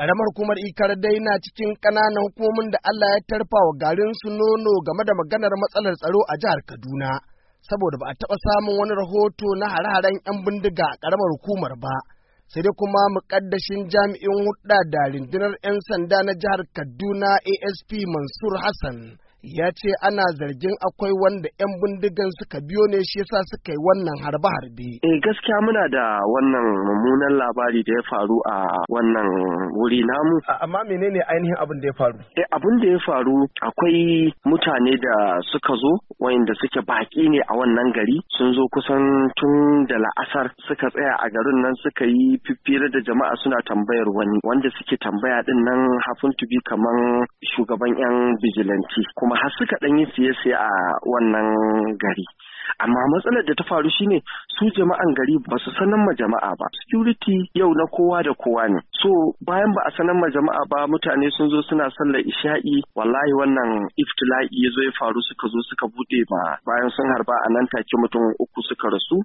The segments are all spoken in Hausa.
Ƙaramar hukumar Ikar dai na cikin ƙananan hukumomin da Allah ya tarfa wa garin su nono game da maganar matsalar tsaro a jihar Kaduna, saboda ba a taɓa samun wani rahoto na hare-haren 'yan bindiga a ƙaramar hukumar ba. Sai dai kuma muƙaddashin jami'in hudda da rundunar 'yan sanda na jihar Kaduna ASP Mansur Hassan ya ce ana zargin akwai wanda 'yan bindigan suka biyo ne shi yasa suka yi wannan harbe-harbe. Eh gaskiya muna da wannan mummunan labari da ya faru a wannan wuri namu. Amma menene ainihin abin da ya faru? Eh abin da ya faru akwai mutane da suka zo wayanda suke baki ne a wannan gari sun zo kusan tun da la'asar suka tsaya a garin nan suka yi fiffira da jama'a suna tambayar wani wanda suke tambaya din nan hafin to kaman shugaban 'yan bijilanti. kuma har suka ɗan yi siye-siye a wannan gari amma matsalar da ta faru shine su jama'an gari ba su sanar ma jama'a ba security yau na kowa da kowa ne so bayan ba a sanar ma jama'a ba mutane sun zo suna sallar isha'i wallahi wannan iftila'i ya zo ya faru suka zo suka bude ba. bayan sun harba a nan take mutum uku suka rasu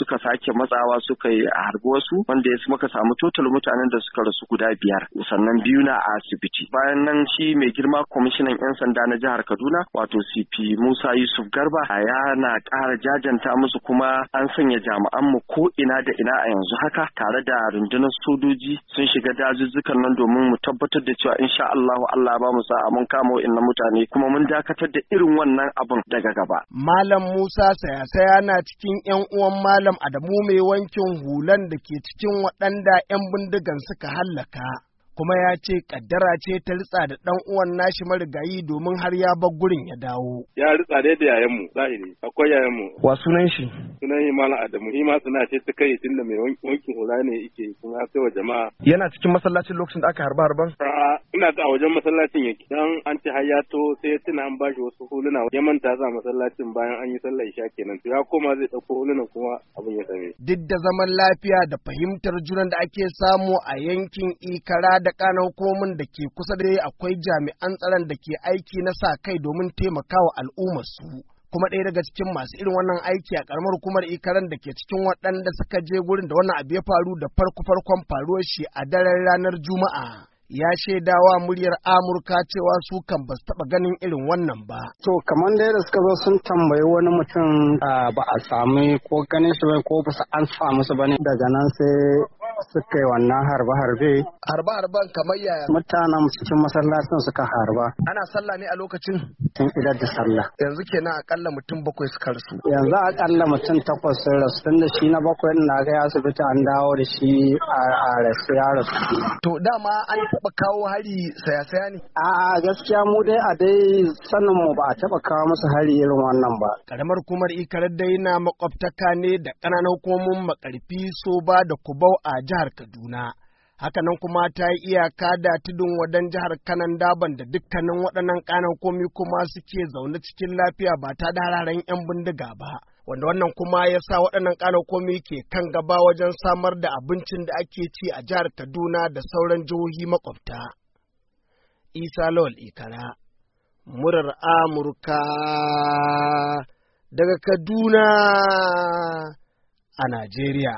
suka sake matsawa suka yi harbi wasu wanda ya muka samu total mutanen da suka rasu guda biyar sannan biyu na a asibiti bayan nan shi mai girma kwamishinan yan sanda na jihar Kaduna wato CP Musa Yusuf Garba ya na ƙara jajanta musu kuma an sanya jami'an mu ko ina da ina a yanzu haka tare da rundunar sojoji sun shiga dazuzzukan nan domin mu tabbatar da cewa insha Allah Allah ba mu sa'a mun kama wa'annan mutane kuma mun dakatar da irin wannan abun daga gaba. Malam Musa Sayasaya na cikin 'yan uwan Malam Adamu mai wankin hulan da ke cikin waɗanda 'yan bindigan suka hallaka. kuma ya ce kaddara ce ta ritsa da dan uwan nashi marigayi domin har ya bar gurin ya dawo. Ya ritsa dai da yayan mu zahiri akwai yayan mu. Wa sunan shi? Sunan shi Malam Adamu ma suna ce ta kai tunda mai wankin hula ne yake kuma sai wa jama'a. Yana cikin masallacin lokacin da aka harba harban? ina ta a wajen masallacin yake dan an ci hayyato sai ya tuna an bashi wasu huluna ya manta za masallacin bayan an yi sallar isha kenan to ya koma zai dauko hulunan kuma abin ya same. Duk da zaman lafiya da fahimtar junan da ake samu a yankin Ikara da kanan hukumomin da ke kusa da akwai jami'an tsaron da ke aiki na sa kai domin taimakawa al'ummar su. kuma ɗaya daga cikin masu irin wannan aiki a karamar hukumar ikaran da ke cikin waɗanda suka je gurin da wannan abu ya faru da farko farkon faruwar shi a daren ranar juma'a ya shaidawa muryar amurka cewa su kan ba taɓa ganin irin wannan ba. to kamar da suka zo sun tambayi wani mutum ah, ba a sami ko ganin shi ba ko ba an samu su ne. daga nan sai suka yi wannan harbe-harbe. Harbe-harben kamar yaya? Mutanen cikin masallacin suka harba. Ana sallah ne a lokacin? Tun idar da sallah. Yanzu kenan akalla mutum bakwai suka rasu. Yanzu akalla mutum takwas sun rasu tun da shi na bakwai na ga asibiti an dawo da shi a rasu ya rasu. To dama an taɓa kawo hari saya-saya ne? A'a gaskiya mu dai a dai sanin mu ba a taɓa kawo musu hari irin wannan ba. Karamar kumar ikarar dai na makwabtaka ne da ƙananan hukumomin makarfi so ba da kubau a jihar Kaduna. Hakanan kuma ta yi iyaka da tudun wadan jihar Kanan Daban da dukkanin waɗannan ƙanan komi kuma suke zaune cikin lafiya ba ta da hararen 'yan bindiga ba. Wanda wannan kuma ya sa waɗannan ƙanan komi ke kan gaba wajen samar da abincin da ake ci a jihar Kaduna da sauran jihohi makwabta. Isa Lawal Ikara, murar Amurka daga Kaduna a Najeriya.